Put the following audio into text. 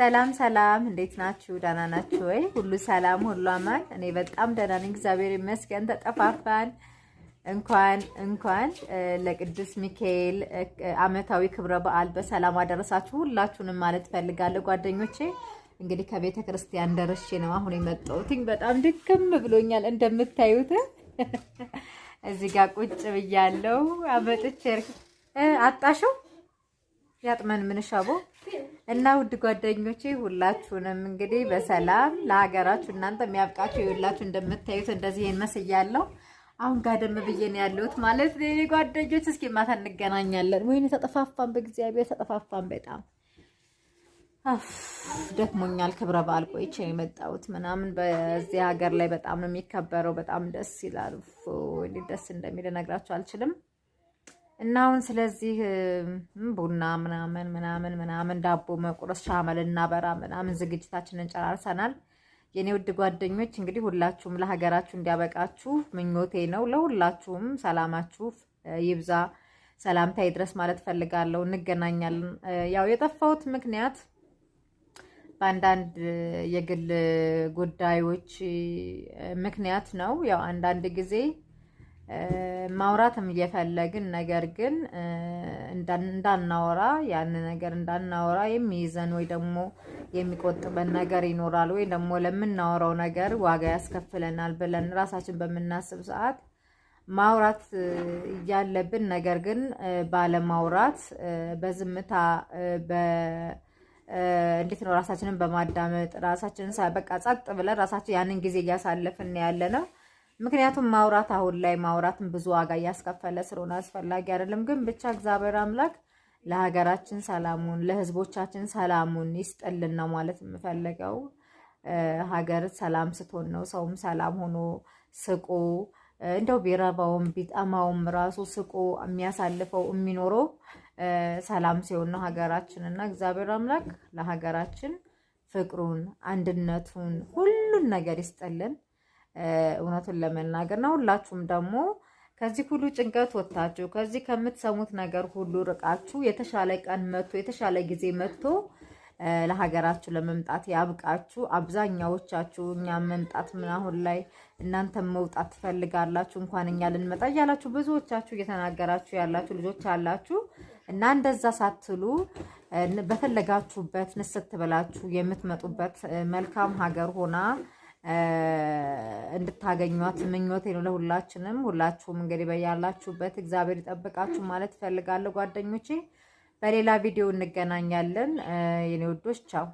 ሰላም ሰላም፣ እንዴት ናችሁ? ደህና ናችሁ ወይ? ሁሉ ሰላም፣ ሁሉ አማን። እኔ በጣም ደህና ነኝ፣ እግዚአብሔር ይመስገን። ተጠፋፋን። እንኳን እንኳን ለቅዱስ ሚካኤል ዓመታዊ ክብረ በዓል በሰላም አደረሳችሁ ሁላችሁንም ማለት ፈልጋለሁ ጓደኞቼ። እንግዲህ ከቤተ ክርስቲያን ደርሼ ነው አሁን የመጣሁት። በጣም ድክም ብሎኛል እንደምታዩት እዚህ ጋር ቁጭ ብያለሁ። አመጥቼ አጣሽው ያጥመን ምንሻቦ እና ውድ ጓደኞቼ ሁላችሁንም እንግዲህ በሰላም ለሀገራችሁ እናንተ የሚያብቃችሁ የሁላችሁ እንደምታዩት እንደዚህ መስያለሁ። አሁን ጋር ደም ያለሁት ማለት ነው ጓደኞች። እስኪ ማታ እንገናኛለን። ወይኔ ተጠፋፋን፣ በእግዚአብሔር ተጠፋፋን። በጣም ደክሞኛል። ክብረ በዓል ቆይቼ ነው የመጣሁት ምናምን። በዚህ ሀገር ላይ በጣም ነው የሚከበረው። በጣም ደስ ይላል። ደስ እንደሚል ነግራችሁ አልችልም። እና አሁን ስለዚህ ቡና ምናምን ምናምን ምናምን ዳቦ መቁረስ ሻመል እናበራ ምናምን ዝግጅታችንን ጨራርሰናል። የኔ ውድ ጓደኞች እንግዲህ ሁላችሁም ለሀገራችሁ እንዲያበቃችሁ ምኞቴ ነው። ለሁላችሁም ሰላማችሁ ይብዛ፣ ሰላምታ ይድረስ ማለት ፈልጋለሁ። እንገናኛለን። ያው የጠፋሁት ምክንያት በአንዳንድ የግል ጉዳዮች ምክንያት ነው። ያው አንዳንድ ጊዜ ማውራትም እየፈለግን ነገር ግን እንዳናወራ ያን ነገር እንዳናወራ የሚይዘን ወይ ደግሞ የሚቆጥበን ነገር ይኖራል ወይ ደግሞ ለምናወራው ነገር ዋጋ ያስከፍለናል ብለን ራሳችን በምናስብ ሰዓት ማውራት እያለብን ነገር ግን ባለማውራት በዝምታ በ እንዴት ነው ራሳችንን በማዳመጥ ራሳችንን በቃ ጸጥ ብለን ራሳችን ያንን ጊዜ እያሳለፍን ያለ ነው። ምክንያቱም ማውራት አሁን ላይ ማውራትን ብዙ ዋጋ እያስከፈለ ስለሆነ አስፈላጊ አይደለም። ግን ብቻ እግዚአብሔር አምላክ ለሀገራችን ሰላሙን ለህዝቦቻችን ሰላሙን ይስጥልን ነው ማለት የምፈልገው። ሀገር ሰላም ስትሆን ነው ሰውም ሰላም ሆኖ ስቆ እንደው ቢረባውም ቢጠማውም ራሱ ስቆ የሚያሳልፈው የሚኖረው ሰላም ሲሆን ነው ሀገራችን እና እግዚአብሔር አምላክ ለሀገራችን ፍቅሩን፣ አንድነቱን ሁሉን ነገር ይስጥልን። እውነቱን ለመናገር ነው። ሁላችሁም ደግሞ ከዚህ ሁሉ ጭንቀት ወጥታችሁ ከዚህ ከምትሰሙት ነገር ሁሉ ርቃችሁ የተሻለ ቀን መጥቶ የተሻለ ጊዜ መጥቶ ለሀገራችሁ ለመምጣት ያብቃችሁ። አብዛኛዎቻችሁ እኛ መምጣት ምን አሁን ላይ እናንተም መውጣት ትፈልጋላችሁ፣ እንኳን እኛ ልንመጣ እያላችሁ ብዙዎቻችሁ እየተናገራችሁ ያላችሁ ልጆች አላችሁ እና እንደዛ ሳትሉ በፈለጋችሁበት ንስት ብላችሁ የምትመጡበት መልካም ሀገር ሆና እንድታገኟት ምኞቴ ነው ለሁላችንም። ሁላችሁም እንግዲህ በያላችሁበት እግዚአብሔር ይጠብቃችሁ ማለት እፈልጋለሁ ጓደኞቼ። በሌላ ቪዲዮ እንገናኛለን የኔ ውዶች፣ ቻው።